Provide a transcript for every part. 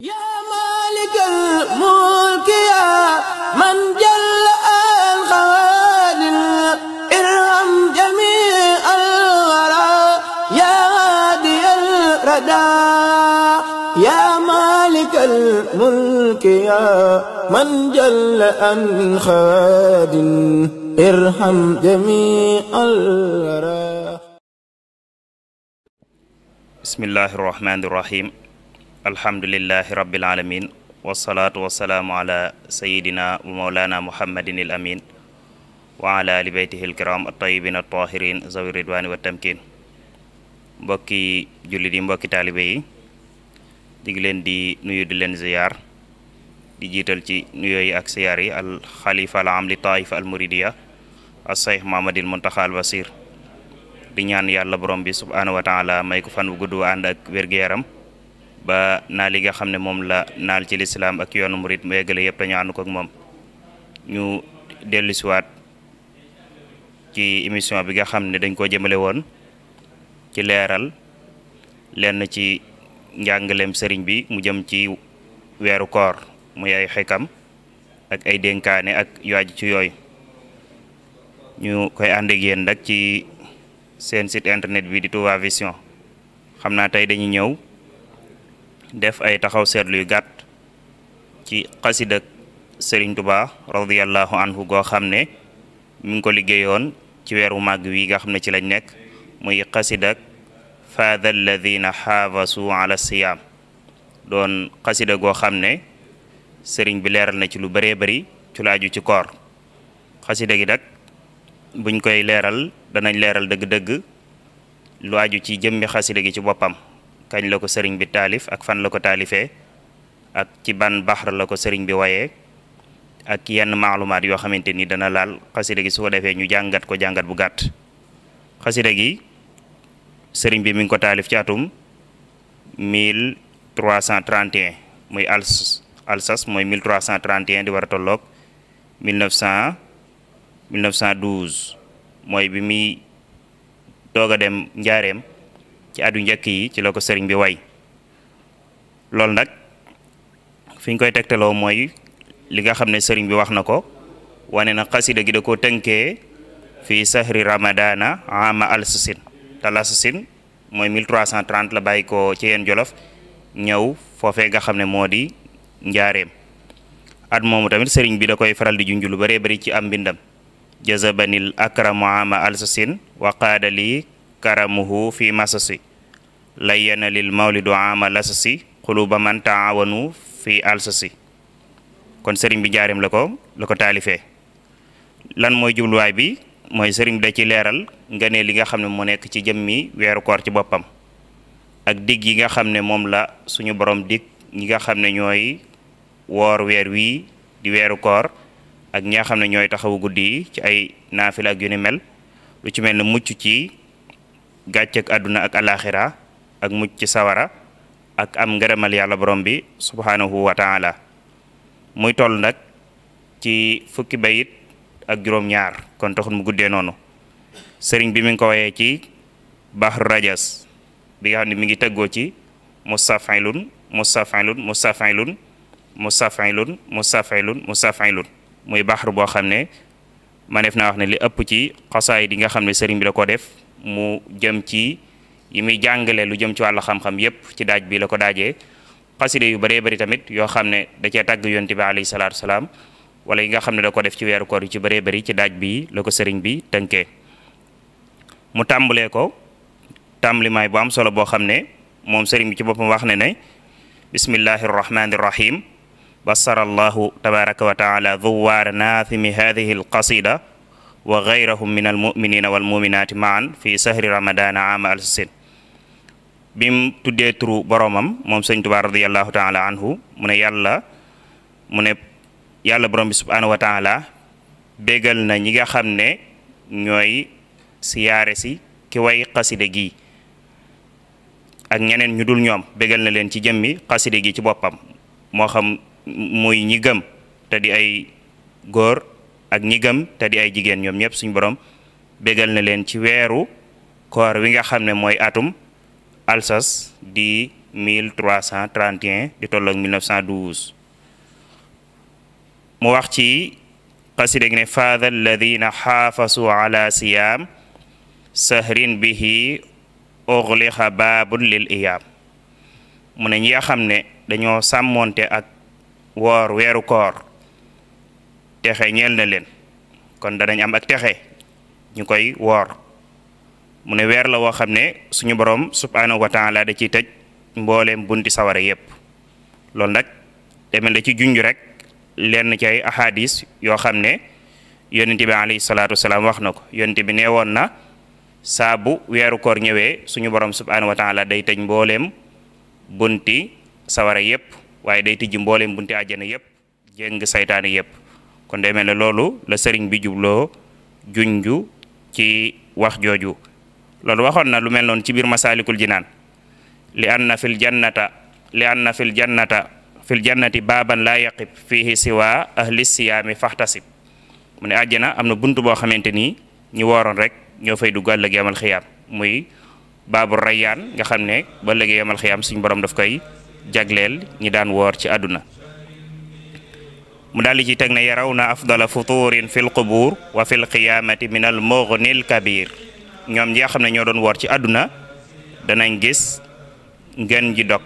yaa maalikal mulki yaa man jàll al xawaadir irham jamii al waraa yaa haadiyal radaa yaa maalikal mulki yaa man jàll al xawaadir irham jamii al waraa bismillaahi rahmaani rahiim alhamdulillahi rabbil alamin wasalaatu wasalaamu ala sayidina wa maulana muhammadin il amin wa ala ali beytihi al kiram at tayyibin at tahirin zawi ridwani wa tamkin mbokki jullit yi mbokki taalibe yi di ngi leen di nuyu di leen ziyaar di jiital ci nuyoo yi ak siyaar yi al xalifa al am li taif al muridiya as sayx mamadil muntaxa al basir di ñaan yàlla borom bi subhanahu wa taala may ko fan bu gudd wa ànd ak wér-gu-yaram ba naal yi nga xam ne moom la naal ci lislaam ak yoonu murit mu yeggale yëpp dañu ànd ko ak moom ñu dellusiwaat ci émission bi nga xam ne dañ koo jëmale woon ci leeral lenn ci njàngaleem sëriñ bi mu jëm ci weeru koor muy ay xikam ak ay dénkaane ak yu aju ci yooy ñu koy ànd ak yéen nag ci seen site internet bi di Touba Vision xam naa tey dañu ñëw def ay taxaw seetlu yu gàtt ci xasida Sëriñ Tuubaa radiyallahu anhu goo xam ne mi ngi ko liggéeyoon ci weeru màgg wi nga xam ne ci lañ nekk muy xasidag ak faada alladina xaafasu ala siyaam doon xasida goo xam ne sëriñ bi leeral na ci lu bëree bëri ci laaju ci koor xasida gi nag buñ koy leeral danañ leeral dëgg-dëgg lu aju ci jëmmi xasida gi ci boppam kañ la ko sëriñ bi taalif ak fan la ko taalifee ak ci ban baxar la ko sëriñ bi wayee ak yenn maalumaat yoo xamante ni dana laal xasida gi su ko defee ñu jàngat ko jàngat bu gàtt xasida gi sëriñ bi mi ngi ko taalif ci atum 1331 muy als alsas mooy 1331 di war a tolloog 1900 1912 mooy bi muy doog a dem njaareem ci adu njëkk yi ci la ko sëriñ bi way loolu nag fi ñu koy tegtaloo mooy li nga xam ne sëriñ bi wax na ko wane na xasida gi da koo tënkee fii sahri ramadana ama alsasin te alsasin mooy la bàyyi ko ci yeen jolof ñaw foofee nga xam ne moo di njaareem at moomu tamit sëriñ bi da koy faral di lu baree bari ci am mbindam jazabanil akramu ama alsasin wa qaadali karamuhu fi masasi layyana lil mawlidu ama lasasi ba man taawanu fi alsasi kon sëriñ bi jaarim la ko la ko taalifee lan mooy jubluwaay bi mooy sëriñ bi da ci leeral nga ne li nga xam ne mu nekk ci jëmmi weeru koor ci boppam ak digg yi nga xam ne moom la suñu boroom digg ñi nga xam ne ñooy woor weer wii di weeru koor ak ñi xam ne ñooy taxawu guddi yi ci ay naafila ak yu ni mel lu ci mel ne mucc ci gàcceeg àdduna ak alaxira ak mucc ci sawara ak am ngërëmal yàlla borom bi subhanahu wa taala muy toll nag ci fukki bayit ak juróom-ñaar kon taxul mu guddee noonu sëriñ bi mi ngi ko wayee ci bahru rajas bi nga xam ne mi ngi tëggoo ci mustafailun mustafailun mustafailun mustafailun mustafailun mustafailun muy bahru boo xam ne maneef naa wax ne li ëpp ci xasaay di nga xam ne sëriñ bi da ko def mu jëm ci yi muy jàngale lu jëm ci wàllu xam-xam yépp ci daaj bi la ko daajee xaside yu baree bari tamit yoo xam ne da cee tàgg yonte bi alayhi salaatu salaam wala yi nga xam ne da ko def ci weeru koor yu ci baree bari ci daaj bi la ko sëriñ bi tënkee mu tàmbalee ko tàmbalimaay bu am solo boo xam ne moom sëriñ bi ci boppam wax ne ne bismillahi rrahmani rrahim basara allahu tabaraka wa taala duwaara naafimi hadihi alqasida wa gayrahum min almuminina walmuminaati maan fi sahri ramadana ama alsin bim tuddee turu boromam moom sëñ Tuubaa radiallahu taala anhu mu ne yàlla mu ne yàlla borom bi subhaanahu wa taala bégal na ñi nga xam ne ñooy siyaare si ki way xaside gi ak ñeneen ñu dul ñoom bégal na leen ci jëmmi xaside gi ci boppam moo xam muy ñi gëm ay góor ak ñi gëm te di ay jigéen ñoom ñëpp suñu borom bégal na leen ci weeru koor wi nga xam ne mooy atum alsas di 1331 di tolloog 1912 mu wax ci xasida gi ne faada alladina xaafasu ala siyaam sahrin bihi ugliqa baabun lil iyaam mu ne ñi nga xam ne dañoo sàmmoonte ak woor weeru koor texe ñeel na leen kon danañ am ak texe ñu koy woor mu ne weer la woo xam ne suñu borom subhanahu wa taala da ciy tëj mbooleem bunti sawara yépp loolu nag demel da ci junj rek lenn ci ay ahadis yoo xam ne yonent bi alayhi salaatu wasalaam wax na ko yonent bi nee woon na saa bu weeru koor ñëwee suñu borom subhanahu wa taala day tëj mbooleem bunti sawara yépp waaye day tijji mboolem bunti àjjana yépp jéng saytaane yépp kon day mel ne loolu la sëriñ bi jubloo junju ci wax jooju loolu waxoon na lu mel noonu ci biir masaalikul jinaan li anna fil jannata li anna fil jannata fil jannati baaban laa yaqib fihi siwa ahli siyaami faxtasib mu ne àjjana am na bunt boo xamante ni ñu wooroon rek ñoo fay dugg ëllëg yamal xiyaam muy babu rayyaan nga xam ne ba ëllëg yamal xiyaam suñ borom daf koy jagleel ñi daan woor ci àdduna mu daal di ci teg ne yaraw na afdala futurin fil qubuur wa fil qiyaamati min al kabir ñoom ñi nga xam ne ñoo doon woor ci àdduna danañ gis ngeen ji dog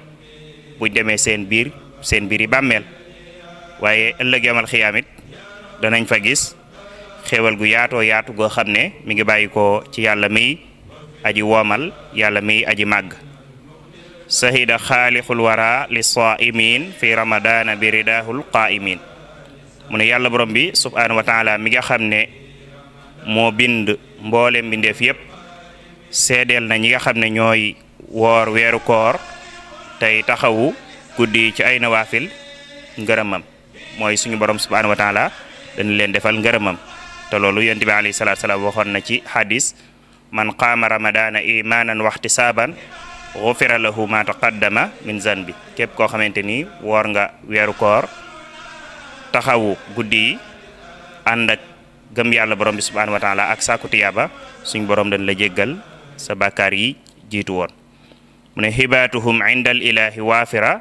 buñ demee seen biir seen biir yi bàmmeel waaye ëllëg yamal xiyaamit danañ fa gis xéewal gu yaatoo yaatu goo xam ne mi ngi bàyyi ko ci yàlla mi aji woomal yàlla mi aji màgg sahida xaalixul wara li saaimin fi ramadana bi qaaimin mu yàlla borom bi subhaanahu wa taala mi nga xam ne moo bind mboolem mbindeef yépp seedeel na ñi nga xam ne ñooy woor weeru koor tey taxawu guddi ci ay nawaafil ngërëmam mooy suñu borom subhaanahu wa taala dañ leen defal ngërëmam te loolu yonent bi alayhi salaatu salaam na ci hadis man qaama ramadaana imaanan waxtisaaban xufira lahu ma taqaddama min zanbi képp koo xamante ni woor nga weeru koor taxawu guddi yi ànd ak gëm yàlla borom bi subhaanahu wa taala ak sàkku tiyaaba suñ boroom dañ la jéggal sa bàkkaar yi jiituwoon mune mu ne xibaatuhum al ilahi waafira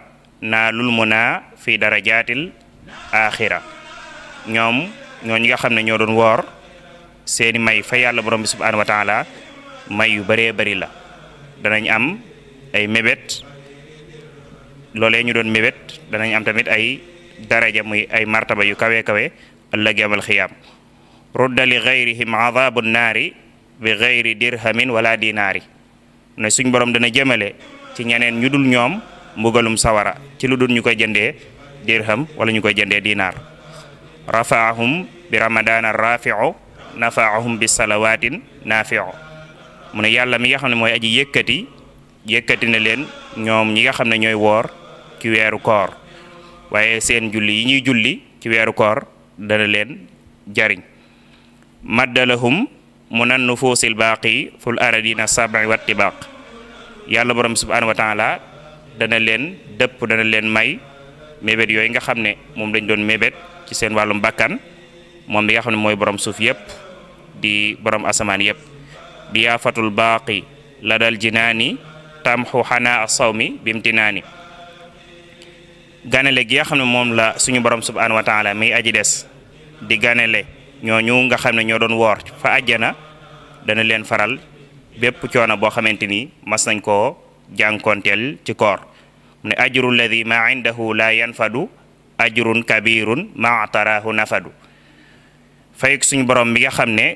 naa lul mu naa fi darajaatil axira ñoom ñoo ñi nga xam ne ñoo doon woor seeni may fa yàlla borom bi subhaanahu wa taala may yu bëree bëri la danañ am ay mébét loolee ñu doon mébét danañ am tamit daraja muy ay martaba yu kawe kawe ëllëg yamal xiyaam rudda li gayrihim adabu naari bi gayri dirhamin wala dinaari ne suñ borom dana jëmale ci ñeneen ñu dul ñoom mbugalum sawara ci lu dul ñu koy jëndee dirham wala ñu koy jëndee dinaar rafaahum bi ramadaana rafiu nafaahum bi salawaatin nafiu mu yàlla mi nga xam ne mooy aji yëkkati yëkkati na leen ñoom ñi nga xam ne ñooy woor ci weeru koor waaye seen julli yi ñuy julli ci weeru koor dana leen jariñ maddalahum mu nan nufuusil baaqi ful aradina sabi wattibaq yàlla borom subhanahu wa la dana leen dëpp dana leen may mébét yooyu nga xam ne moom lañ doon mébét ci seen wàllum bakkan moom li nga xam ne mooy borom suuf yépp di borom asamaan yépp diyaafatul baaqi la dal jinaani tamxu xanaa sawmi bimtinaani ganele gi nga xam ne moom la suñu borom subhaanahu wa taala aji des di ganele ñoo ñooñu nga xam ne ñoo doon woor fa àjjana dana leen faral bépp coono boo xamante ni mas nañ koo jànkoonteel ci koor ne ajru alladi ma indahu la yanfadu ajrun kabirun ma ataraahu nafadu fay suñu borom bi nga xam ne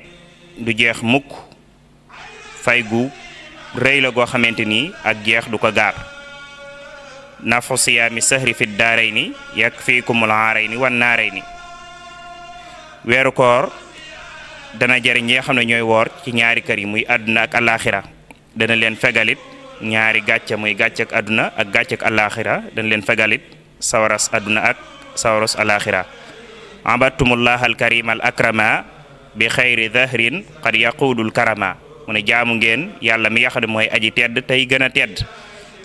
du jeex mukk fay gu rëy goo xamante ni ak jeex du ko gaar nafu siyaami sahri fi daarayni yakfiikumul aarayni wan naarayni weeru koor dana jëriñ ñi na ñooy woor ci ñaari kër yi muy àdduna ak alaaxira dana leen fegalit ñaari gàcce muy gàcce ak àdduna ak gàcce ak alaaxira dana leen fegalit sawaras àdduna ak sawaras alaaxira abattumullah alkarima al bi xayri dahrin qad yaquudul karama mu ne jaamu ngeen yàlla mi nga mooy aji tedd tey gën a tedd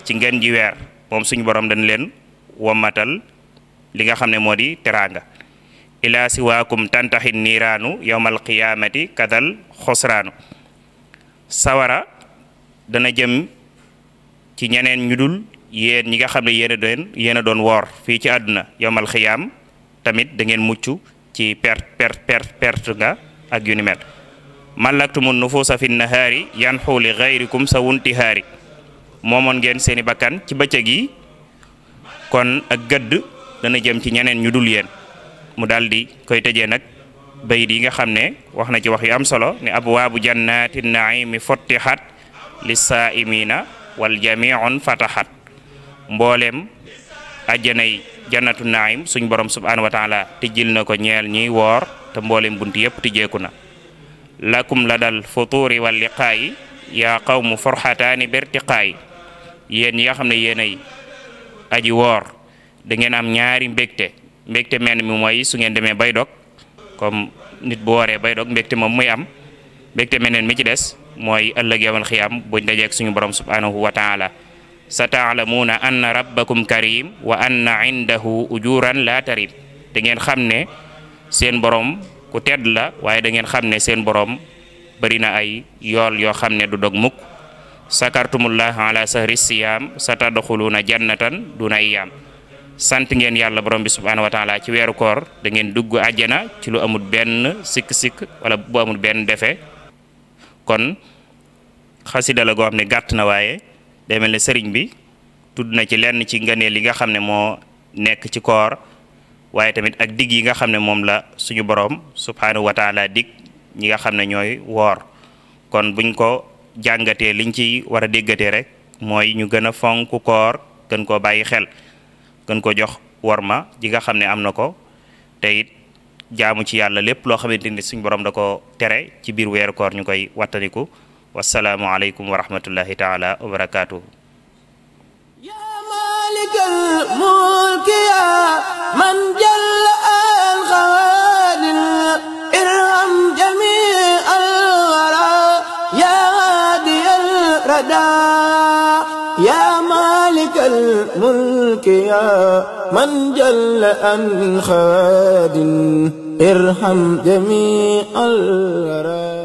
ci ngeen ji weer moom suñu borom dañ leen wammatal li nga xam ne moo di teraanga ilaa siwaakum tantaxi niiraanu yowmal qiyaamati kadal xosraanu sawara dana jëm ci ñeneen ñu dul yéen ñi nga xam ne yéen doon yéen a doon woor fii ci àdduna yowmal xiyaam tamit da ngeen mucc ci pert perte perte nga ak yu ni mel mallaktumu nufuusa fi nahaari yanxu li gayrikum sa wuntihaari moomoon ngeen seeni bakkan ci bëccëg yi kon ak gëdd dana jëm ci ñeneen ñu dul yéen mu daldi koy tëjee nag bayit nga xam ne wax na ci wax yu am solo ne abwaabu jannati naimi fottixat li saaimina wal jamiun fataxat mbooleem ajjanay jannatu naim suñ borom subhanahu wa taala tijjil na ko ñeel ñiy woor te mbooleem bunt yépp tijjeeku na lakum la dal ya wal liqaayi yaa qawmu forxataani bertiqaayi yéen ñi xam ne yéen ay aji woor da ngeen am ñaari mbégte mbégte menn mi mooy su ngeen demee baydog dog comme nit bu wooree bay dog mbégte moom muy am mbégte meneen mi ci des mooy ëllëg yawal xiyaam buñ dajeek suñu borom subhanahu wa taala sa taalamuuna anna rabbakum karim wa an indahu ujuran la tarim da ngeen xam ne seen borom ku tedd la waaye da ngeen xam ne seen borom bëri na ay yool yoo xam ne du dog mukk sakartumullah ala sahri siyaam satadxuluuna jannatan duna iyaam sant ngeen yàlla borom bi subhaanahu wa taala ci weeru koor da ngeen dugg àjjana ci lu amut benn sikk-sikk wala bu amul benn defe kon xasidale la goo xam ne gàtt na waaye day mel ne sëriñ bi tudd na ci lenn ci ngëneel yi nga xam ne moo nekk ci koor waaye tamit ak digg yi nga xam ne moom la suñu boroom subhaanahu wa taala dig ñi nga xam ne ñooy woor kon buñ ko jàngate liñ ci war a déggatee rek mooy ñu gën a fonk koor gën koo bàyyi xel gën ko jox worma ji nga xam ne am na ko te jaamu ci yàlla lépp loo xamante ni suñ borom da ko tere ci biir weeru koor ñu koy wattaniku wasalaamu aleykum wa rahmatullahi taala wa يا من جل أن خاد ارحم جميع الراد